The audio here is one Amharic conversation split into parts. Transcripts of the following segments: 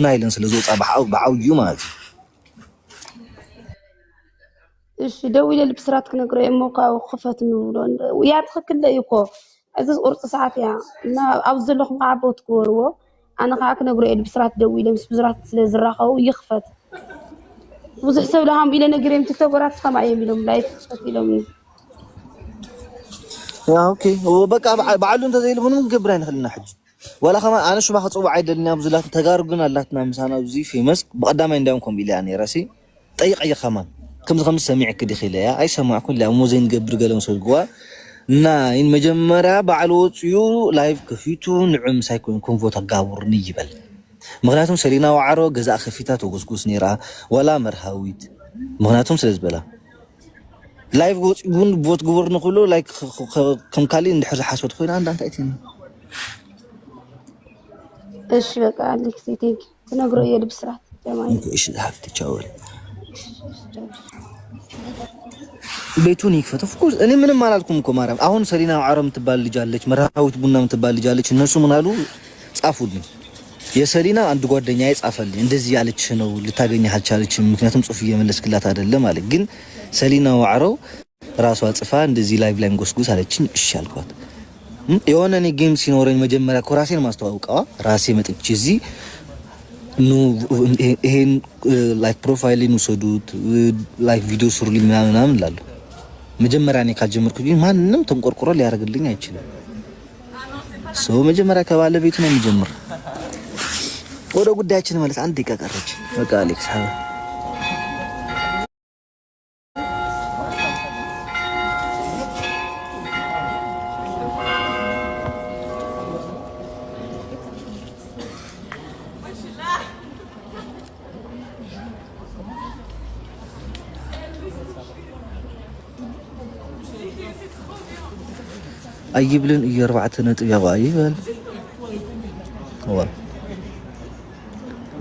እና ኢለን ስለ ዝወፃ ብሓው ብሓው እዩ ማለት እዩ እሺ ደው ኢለ ብስራት ክነግሮ እሞ ካብኡ ክፈት ንብሎ ያ ትኽክል እዩ እኮ እዚ ቁርፂ ሰዓት እያ እና ኣብዚ ዘለኹም ከዓ ቦት ክበርዎ ኣነ ከዓ ክነግሮ እየ ብስራት ደው ኢለ ምስ ብስራት ስለ ዝራኸቡ ይኽፈት ብዙሕ ሰብ ለሃም ኢለ ነግር እዮም ትተጎራት ስከማ እዮም ኢሎም ላይ ክፈት ኢሎም ኦኬ በቃ በዓሉ እንተዘይሉ ምንም ክገብር ኣይንኽእልና ሕጂ ወላ ከማ ኣነ ሽማ ክፅውዕ ኣይደለና ብዝላት ተጋሩ ግን ኣላትና ምሳና እዚ ፌመስ ብቀዳማይ እንዳዮም ከምኡ ኢለ ነረ ሲ ጠይቀየ ከማን ከምዚ ከምዚ ሰሚዕ ክዲ ክኢለ እያ ኣይሰማዕኩን ላሞ ዘይንገብር ገለ መሰልግዋ ናይ መጀመርያ በዓል ወፅዩ ላይቭ ከፊቱ ንዑ ምሳይ ኮይኑ ኮንቮ ተጋቡርኒ ይበል ምክንያቱም ሰሊና ዋዕሮ ገዛእ ከፊታ ተጎስጎስ ነይራ ወላ መርሃዊት ምክንያቱም ስለ ዝበላ ላይቭ ወፅኡ እውን ቦት ግቡር ንክብሉ ከም ካሊእ እንድሕር ዝሓሶት ኮይና እንዳንታይ እቲ እሺ በቃ አሌክስ ቴንክ ትነግረው የልብስ ስራት ቤቱን ይክፈት። ኦፍኮርስ እኔ ምንም አላልኩም እኮ ማርያም። አሁን ሰሊና አረ ምትባል ልጅ አለች፣ መራዊት ቡና ምትባል ልጅ አለች። እነሱ ምን አሉ ጻፉልኝ። የሰሊና አንድ ጓደኛ ጻፈልኝ፣ እንደዚህ ያለች ነው ልታገኘ አልቻለች፣ ምክንያቱም ጽሁፍ እየመለስክላት አይደለም አለ። ግን ሰሊና ዋዕረው ራሷ ጽፋ እንደዚህ ላይቭ ላይ ጎስጉስ አለችኝ። እሺ አልኳት። የሆነ እኔ ጌም ሲኖረኝ መጀመሪያ እኮ ራሴን ማስተዋወቀዋ ራሴ መጥቼ እዚህ ይሄን ላይክ ፕሮፋይልን ውሰዱት፣ ላይክ ቪዲዮ ስሩልኝ ምናምን ምናምን እላለሁ። መጀመሪያ እኔ ካልጀመርኩ ግን ማንም ተንቆርቆሮ ሊያደርግልኝ አይችልም። ሰው መጀመሪያ ከባለቤቱ ነው የሚጀምር። ወደ ጉዳያችን መለስ። አንድ ይቀቀረች በቃ አሌክስ ኣይብልን እዩ ኣርባዕተ ነጥብ ያቋ ይበል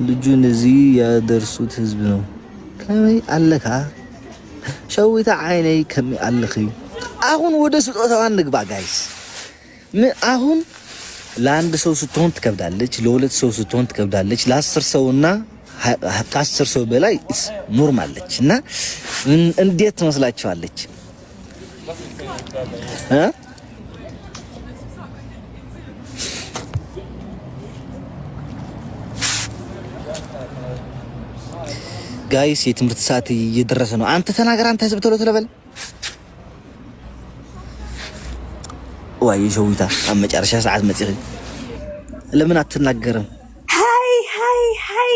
ልጁ ነዚ ያደርሱት ህዝብ ነው። ከመይ ኣለካ ሸዊታ ዓይነይ ከመይ ኣለኽ እዩ። አሁን ወደ ስጦታዋ ንግባ ጋይስ። አሁን ለአንድ ሰው ስትሆን ትከብዳለች፣ ለሁለት ሰው ስትሆን ትከብዳለች። ለአስር ሰውና ከአስር ሰው በላይ ኖርማለች እና እንዴት ትመስላችኋለች? ጋይስ የትምህርት ሰዓት እየደረሰ ነው። አንተ ተናገር። አንተ ህዝብ ቶሎ ተለበል ወይ ሸዊታ ኣብ መጨረሻ ሰዓት መፅኢ ለምን አትናገርም? ሃይ ሃይ ሃይ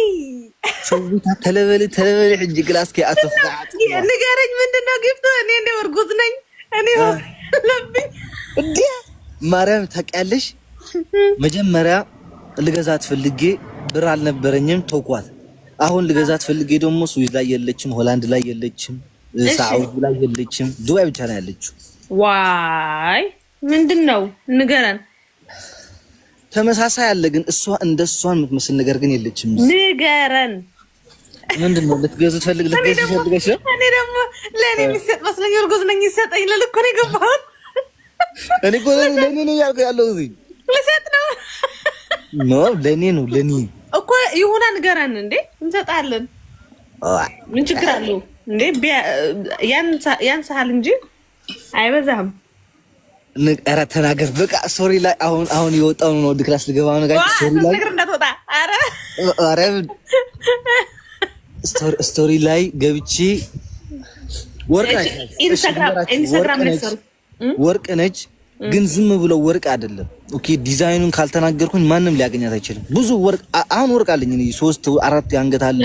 ሸዊታ ተለበል ተለበል። ሕጂ ግላስ ከአቶ ንገረኝ፣ ምንድነው ግፍቱ? እኔ እንደ እርጉዝ ነኝ እኔ ለብኝ እንዴ ማርያም ታውቂያለሽ፣ መጀመሪያ ልገዛት ፈልጌ ብር አልነበረኝም ተውኳት። አሁን ልገዛት ፈልጌ ደግሞ ስዊዝ ላይ የለችም፣ ሆላንድ ላይ የለችም፣ ሳውዲ ላይ የለችም፣ ዱባይ ብቻ ነው ያለችው። ዋይ ምንድን ነው ንገረን። ተመሳሳይ አለ ግን እሷ እንደ እሷን የምትመስል ነገር ግን የለችም። ንገረን ምንድን ነው ልትገዙ ትፈልግ ልትገዙ ትፈልገች ነው። እኔ ደግሞ ለእኔ የሚሰጥ መስለኝ እርጉዝ ነኝ ይሰጠኝ ልልኮ ነው የገባሁት። እኔ እኮ ለእኔ ነው እያልኩ ያለው እዚህ ልሰጥ ነው ኖ ለእኔ ነው ለእኔ ይሁና ንገረን እንዴ እንሰጣለን። ምን ችግር አለው እንዴ? ያንስሃል እንጂ አይበዛም። ኧረ ተናገር በቃ። ሶሪ ላይ አሁን አሁን የወጣው ነው ወደ ክላስ ልገባ ነው ጋር ሶሪ ላይ ነገር እንዳትወጣ። ኧረ ኧረ ስቶሪ ላይ ገብቼ ወርቅ ነች ኢንስታግራም ኢንስታግራም ላይ ወርቅ ነች ግን ዝም ብሎ ወርቅ አይደለም ኦኬ ዲዛይኑን ካልተናገርኩኝ ማንም ሊያገኛት አይችልም። ብዙ ወርቅ አሁን ወርቅ አለኝ ሶስት አራት አንገት አለ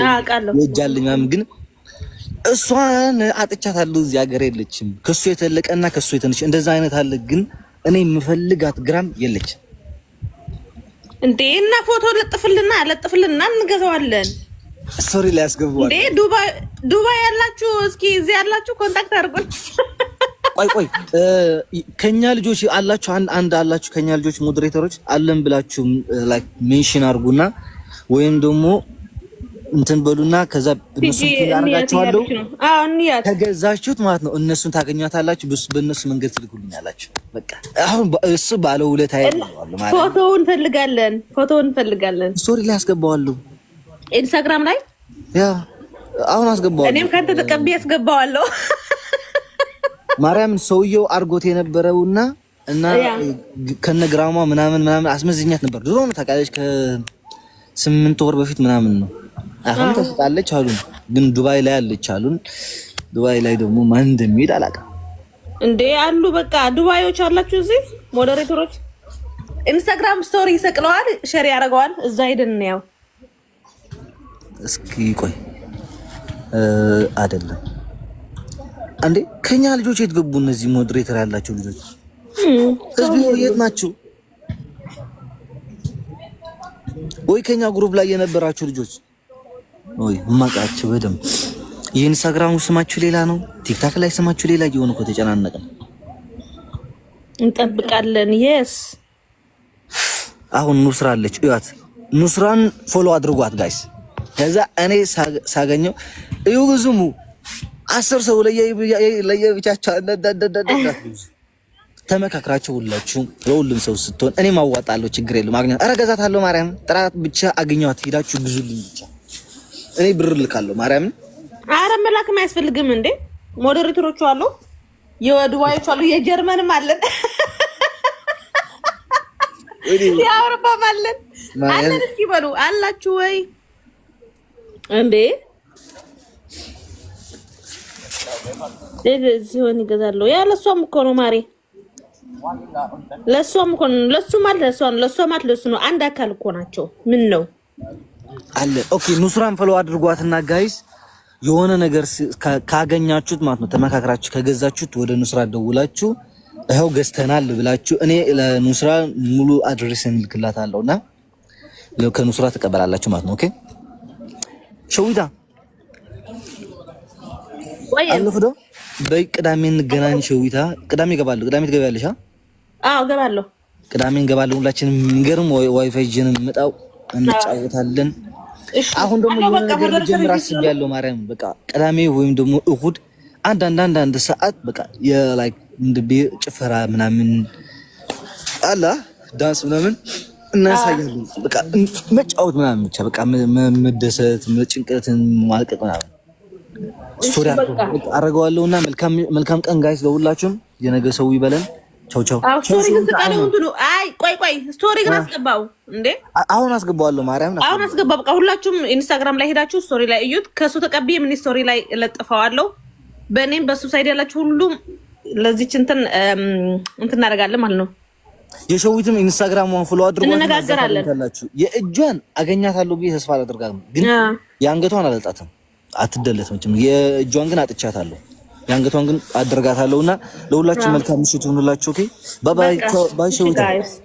እጅ አለኝ ምናምን፣ ግን እሷን አጥቻታለሁ። እዚህ ሀገር የለችም። ከሱ የተለቀና ከሱ የተነች እንደዛ አይነት አለ። ግን እኔ የምፈልጋት ግራም የለችም እንዴ። እና ፎቶ ለጥፍልና ለጥፍልና እንገዛዋለን። ሶሪ ሊያስገባዋል እንዴ። ዱባይ ዱባይ ያላችሁ እስኪ እዚህ ያላችሁ ኮንታክት አድርጎ ቆይ ቆይ ከኛ ልጆች አላችሁ አንድ አላችሁ ከኛ ልጆች ሞዴሬተሮች አለን ብላችሁ ላይክ ሜንሽን አድርጉና ወይም ደግሞ እንትን በሉና ከዛ እነሱ ያደርጋችኋለሁ። ተገዛችሁት ማለት ነው። እነሱን ታገኛታላችሁ። በእነሱ መንገድ ትልኩልኛላችሁ። በቃ አሁን እሱ ባለ ሁለት አይ ፎቶውን እንፈልጋለን፣ ፎቶውን እንፈልጋለን። ስቶሪ ላይ አስገባዋለሁ፣ ኢንስታግራም ላይ ያ አሁን አስገባዋለሁ። እኔም ካንተ ተቀብዬ አስገባዋለሁ። ማርያም ሰውየው አድርጎት የነበረውና እና ከነግራማ ምናምን ምናምን አስመዝኛት ነበር። ድሮ ነው ታውቃለች፣ ከስምንት ወር በፊት ምናምን ነው። አሁን ተሰጣለች አሉን፣ ግን ዱባይ ላይ አለች አሉን። ዱባይ ላይ ደግሞ ማን እንደሚሄድ አላውቅም። እንዴ አሉ በቃ ዱባዮች አላችሁ እዚህ ሞዴሬተሮች ኢንስታግራም ስቶሪ ይሰቅለዋል፣ ሼር ያደርገዋል። እዛ ሄደን ያው እስኪ ቆይ አይደለም እንዴ ከኛ ልጆች የት ገቡ? እነዚህ ሞዴሬተር ያላቸው ልጆች ህዝብ የት ናቸው? ወይ ከኛ ግሩፕ ላይ የነበራችሁ ልጆች ወይ ማቃቸው በደምብ የኢንስታግራሙ ስማችሁ ሌላ ነው፣ ቲክታክ ላይ ስማችሁ ሌላ እየሆነ እኮ ተጨናነቀ። እንጠብቃለን። የስ አሁን ኑስራ አለች እያት ኑስራን ፎሎ አድርጓት ጋይስ። ከዛ እኔ ሳገኘው እዩ ዝሙ አስር ሰው ለየብቻቸው ተመካክራቸው ሁላችሁ ለሁሉም ሰው ስትሆን እኔ ማዋጣለሁ፣ ችግር የለም ማግኘት። ኧረ ገዛታለሁ፣ ማርያም ጥራት ብቻ አገኘኋት። ሄዳችሁ ግዙልኝ ብቻ እኔ ብር ልካለሁ፣ ማርያም አረ መላክም አያስፈልግም እንዴ! ሞዴሬተሮቹ አሉ፣ የወድዋዮቹ አሉ፣ የጀርመንም አለን፣ የአውሮፓም አለን አለን። እስኪ በሉ አላችሁ ወይ እንዴ? ሲሆን ይገዛለሁ። ያ ለእሷም እኮ ነው ማሬ፣ ለእሷም እኮ ነው። ለእሱ ማለት ለእሷ ነው፣ ለእሷ ማለት ለእሱ ነው። አንድ አካል እኮ ናቸው። ምን ነው አለ። ኦኬ ኑስራን ፈሎ አድርጓትና ጋይስ የሆነ ነገር ካገኛችሁት ማለት ነው ተመካክራችሁ ከገዛችሁት ወደ ኑስራ ደውላችሁ ይኸው ገዝተናል ብላችሁ እኔ ለኑስራ ሙሉ አድሬስ እንልክላታለሁና ከኑስራ ትቀበላላችሁ ማለት ነው። ኦኬ ሸዊታ አለሁ በይ ቅዳሜ እንገናኝ። ሸዊታ ቅዳሜ እገባለሁ። ቅዳሜ ትገቢያለሽ? አዎ እገባለሁ። ቅዳሜ እንገባለን። ሁላችንም ዋይፋይ ጅን መጣው እንጫወታለን። አሁን ደግሞ የሆነ ነገር ጀምር አስቤያለሁ። ማርያም በቃ ቅዳሜ ወይም ደግሞ እሁድ አንዳንድ አንዳንድ ሰዓት በቃ የላይክ ጭፈራ ምናምን ዳንስ ምናምን እናሳያለን። በቃ መጫወት ምናምን ብቻ በቃ መደሰት፣ ጭንቀትን ማልቀቅ ምናምን ስቶሪያ አረገዋለሁ እና መልካም ቀን ጋይስ፣ ለሁላችሁም የነገ ሰው ይበለን። ቻው ቻው። ስቶሪ ግን ስቃለው እንትኑ አይ ቆይ ቆይ፣ ስቶሪ ግን አስገባው እንዴ? አሁን አስገባዋለሁ። ማርያም አሁን አስገባው። በቃ ሁላችሁም ኢንስታግራም ላይ ሄዳችሁ ስቶሪ ላይ እዩት። ከእሱ ተቀብዬ ምን ስቶሪ ላይ እለጥፈዋለሁ። በእኔም በእሱ ሳይድ ያላችሁ ሁሉም ለዚች እንትን እንትን እናደርጋለን ማለት ነው። የሸዊትም ኢንስታግራሟን ፍሎ አድርጎ እንነጋገራለን። የእጇን አገኛታለሁ ብዬ ተስፋ አላደርጋም፣ ግን የአንገቷን አለጣትም አትደለትም። የእጇን ግን አጥቻታለሁ፣ የአንገቷን ግን እና ለሁላችን መልካም ምሽት ይሁንላችሁ። ኦኬ ባይ ባይ።